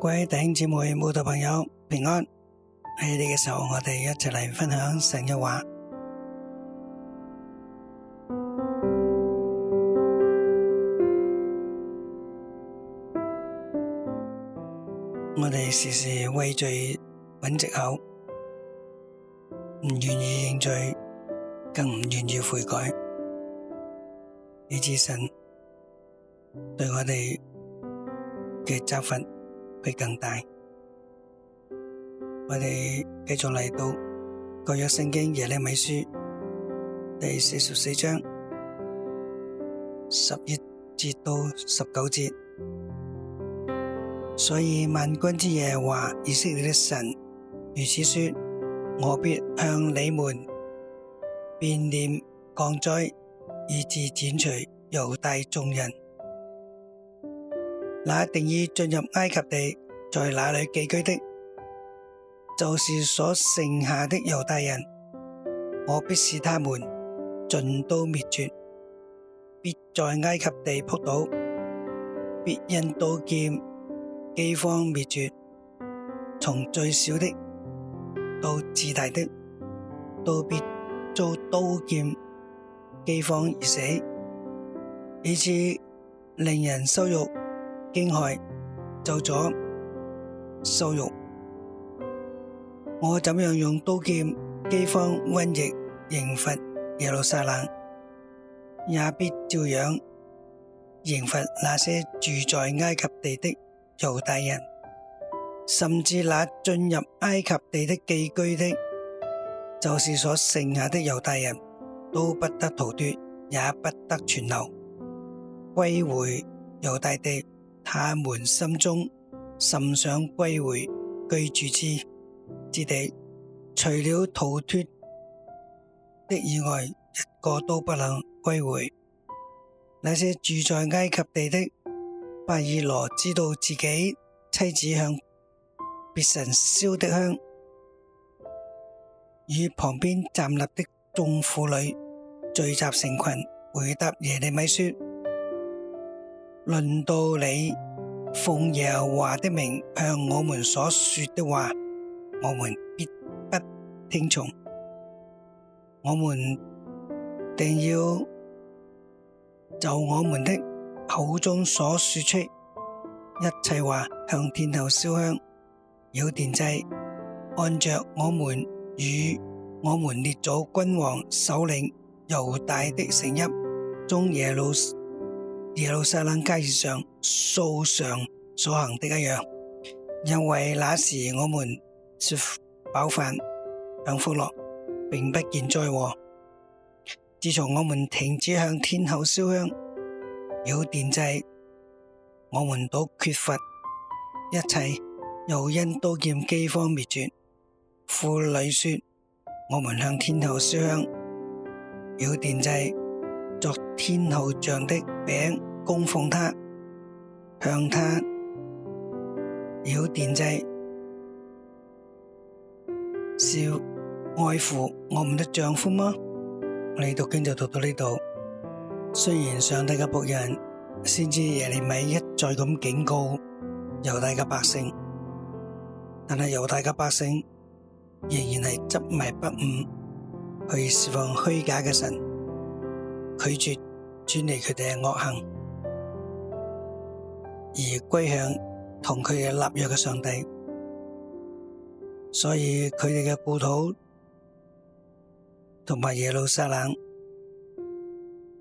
各位弟兄姊妹、信徒朋友平安，喺呢個時候，我哋一齊嚟分享神嘅話。我哋時時畏罪揾藉口，唔願意認罪，更唔願意悔改。你知神對我哋嘅責罰？佢更大，我哋繼續嚟到舊約聖經耶利米書第四十四章十一節到十九節，所以萬軍之耶和華以色列的神如此說：我必向你們變臉降災，以致剪除猶大眾人。那定意進入埃及地，在那裏寄居的，就是所剩下的猶大人。我必使他們盡都滅絕，必在埃及地撲倒，必因刀劍饑荒滅絕，從最小的到至大的，都必遭刀劍饑荒而死，以致令人羞辱。驚駭，做咗羞辱。我怎樣用刀劍饑荒瘟疫刑罰耶路撒冷，也必照樣刑罰那些住在埃及地的猶大人，甚至那進入埃及地的寄居的，就是所剩下的猶大人，都不得逃脱，也不得存留，歸回猶大地。他們心中甚想歸回居住之之地，除了逃脫的以外，一個都不能歸回。那些住在埃及地的巴爾羅，知道自己妻子向別神燒的香，與旁邊站立的眾婦女聚集成群，回答耶利米說。輪到你奉耶和華的名向我們所說的話，我們必不聽從。我們定要就我們的口中所說出一切話，向殿頭燒香、要殿祭，按着我們與我們列祖君王首領猶大的成蔭中耶路。耶路撒冷街市上，素常所行的一樣，因為那時我們食飽飯，享福樂，並不見災禍，哦。自從我們停止向天后燒香、繞殿祭，我們都缺乏一切，又因刀劍饑荒滅絕。婦女說：我們向天后燒香、繞殿祭。作天后像的餅供奉他，向他澆奠祭，笑愛護我們的丈夫嗎？我哋讀經就讀到呢度。雖然上帝嘅僕人先知耶利米一再咁警告猶大嘅百姓，但係猶大嘅百姓仍然係執迷不悟，去侍奉虛假嘅神。拒絕轉離佢哋嘅惡行，而歸向同佢哋立約嘅上帝。所以佢哋嘅故土同埋耶路撒冷，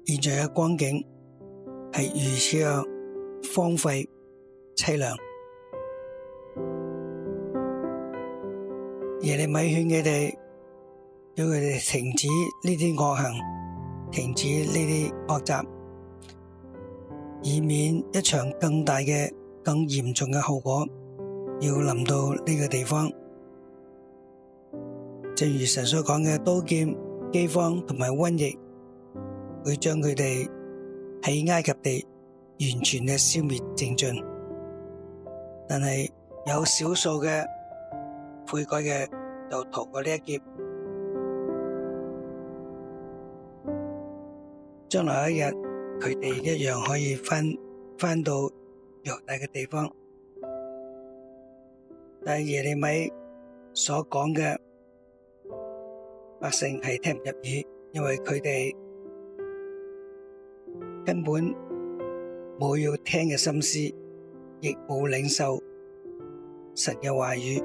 現在嘅光景係如此嘅荒廢淒涼。耶利米勸佢哋，要佢哋停止呢啲惡行。停止呢啲惡習，以免一場更大嘅、更嚴重嘅後果，要臨到呢個地方。正如神所講嘅，刀劍、饑荒同埋瘟疫，會將佢哋喺埃及地完全嘅消滅淨盡。但係有少數嘅悔改嘅就逃過呢一劫。將來一日，佢哋一樣可以翻翻到弱大嘅地方。但係耶利米所講嘅百姓係聽唔入耳，因為佢哋根本冇要聽嘅心思，亦冇領受神嘅話語，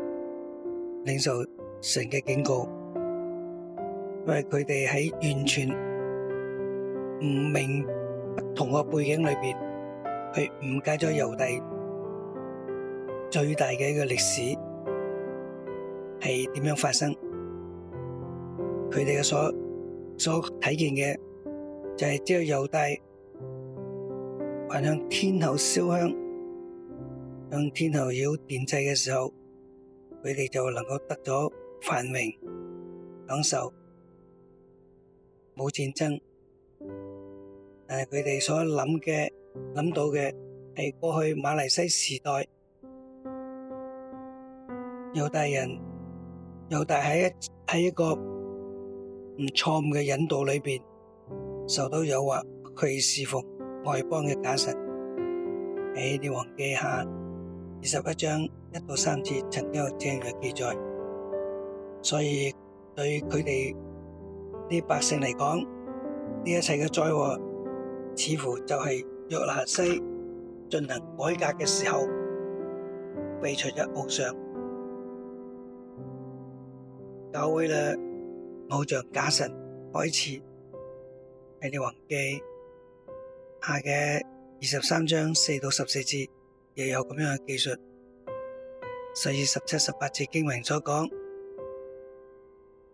領受神嘅警告，因為佢哋喺完全。唔明不同嘅背景裏邊，佢誤解咗猶大最大嘅一個歷史係點樣發生？佢哋嘅所所睇見嘅就係、是，只要猶大還向天后燒香，向天后澆奠祭嘅時候，佢哋就能夠得咗繁榮，享受冇戰爭。但係佢哋所諗嘅、諗到嘅係過去瑪拿西時代，猶大人猶大喺一喺一個唔錯誤嘅引導裏邊受到誘惑，去侍奉外邦嘅假神。喺《列王記下》二十一章一到三節，曾經有正嘅記載，所以對佢哋啲百姓嚟講，呢一切嘅災禍。似乎就係約拿西進行改革嘅時候，被除咗偶像，教會嘞偶像假神開始，你哋王紀下嘅二十三章四到十四節，亦有咁樣嘅記述。十二十七十八節經文所講，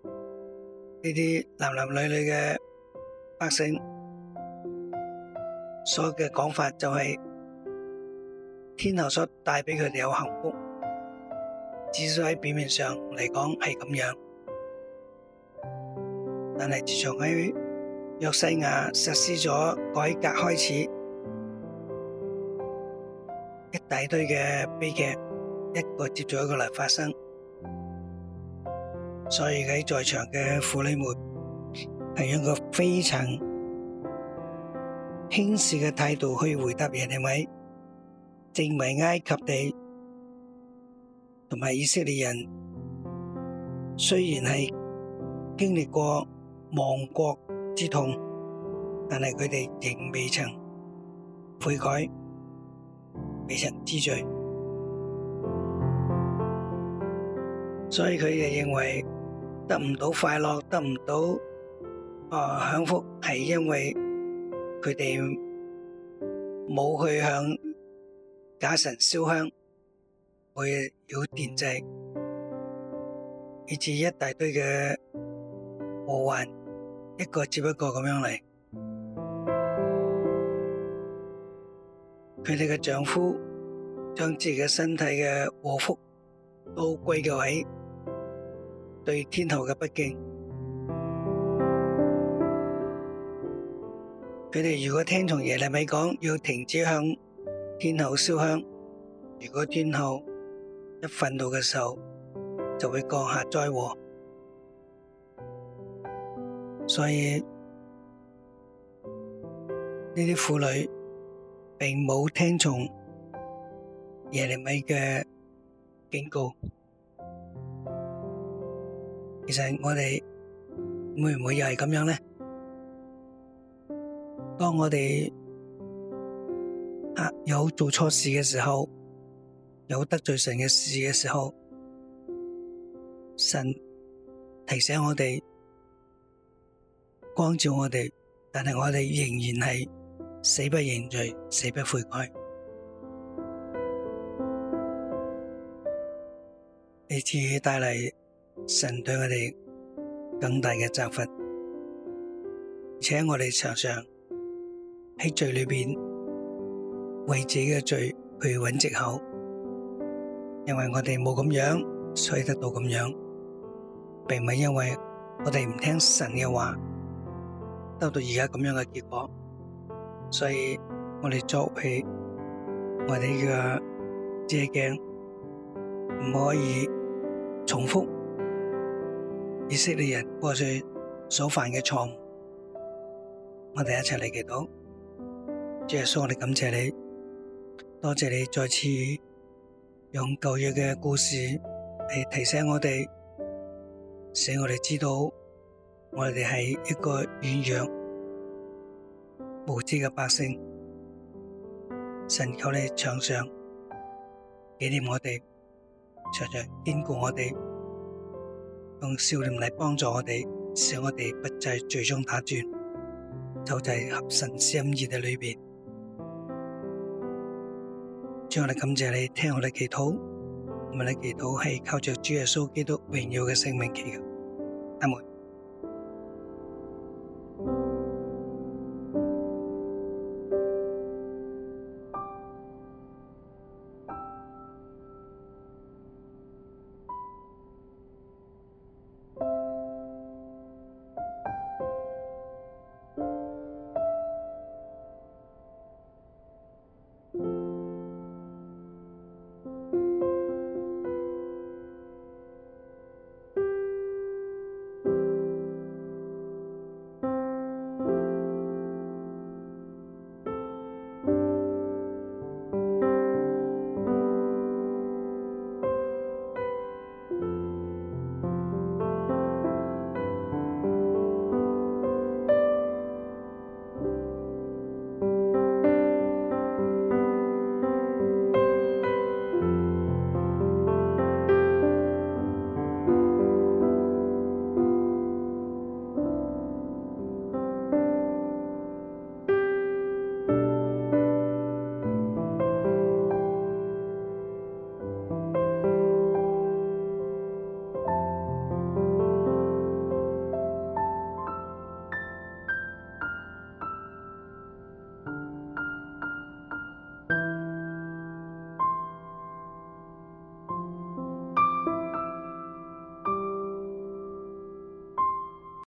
呢啲男男女女嘅百姓。所有嘅講法就係天後所帶俾佢哋有幸福，至少喺表面上嚟講係咁樣。但係自從喺約西亞實施咗改革開始，一大堆嘅悲劇一個接住一個嚟發生，所以喺在場嘅婦女們係一個非常。輕視嘅態度去回答人哋，咪正為埃及地同埋以色列人，雖然係經歷過亡國之痛，但係佢哋仍未曾悔改、未曾知罪。所以佢哋認為得唔到快樂、得唔到啊享福，係因為。佢哋冇去向假神燒香，去燒奠祭，以至一大堆嘅禍患，一個接一個咁樣嚟。佢哋嘅丈夫將自己身體嘅禍福都歸咎喺對天后嘅不敬。佢哋如果聽從耶利米講，要停止向天后燒香；如果天后一憤怒嘅時候，就會降下災禍。所以呢啲婦女並冇聽從耶利米嘅警告。其實我哋會唔會又係咁樣咧？當我哋有做錯事嘅時候，有得罪神嘅事嘅時候，神提醒我哋光照我哋，但係我哋仍然係死不認罪，死不悔改，以致帶嚟神對我哋更大嘅責罰，而且我哋常常，喺罪裏邊為自己嘅罪去揾藉口，因為我哋冇咁樣，所以得到咁樣，並唔係因為我哋唔聽神嘅話，得到而家咁樣嘅結果。所以我哋作為我哋嘅借鏡，唔可以重複以色列人過去所犯嘅錯誤。我哋一齊嚟祈禱。主耶穌，我哋感謝你，多謝你再次用舊約嘅故事嚟提醒我哋，使我哋知道我哋係一個軟弱無知嘅百姓。神求你常常紀念我哋，常常堅固我哋，用笑臉嚟幫助我哋，使我哋不再最終打轉，就在合神心意嘅裏邊。最後，我哋感謝你聽我哋嘅祈禱。我哋嘅祈禱係靠着主耶穌基督榮耀嘅聖名祈禱。阿門。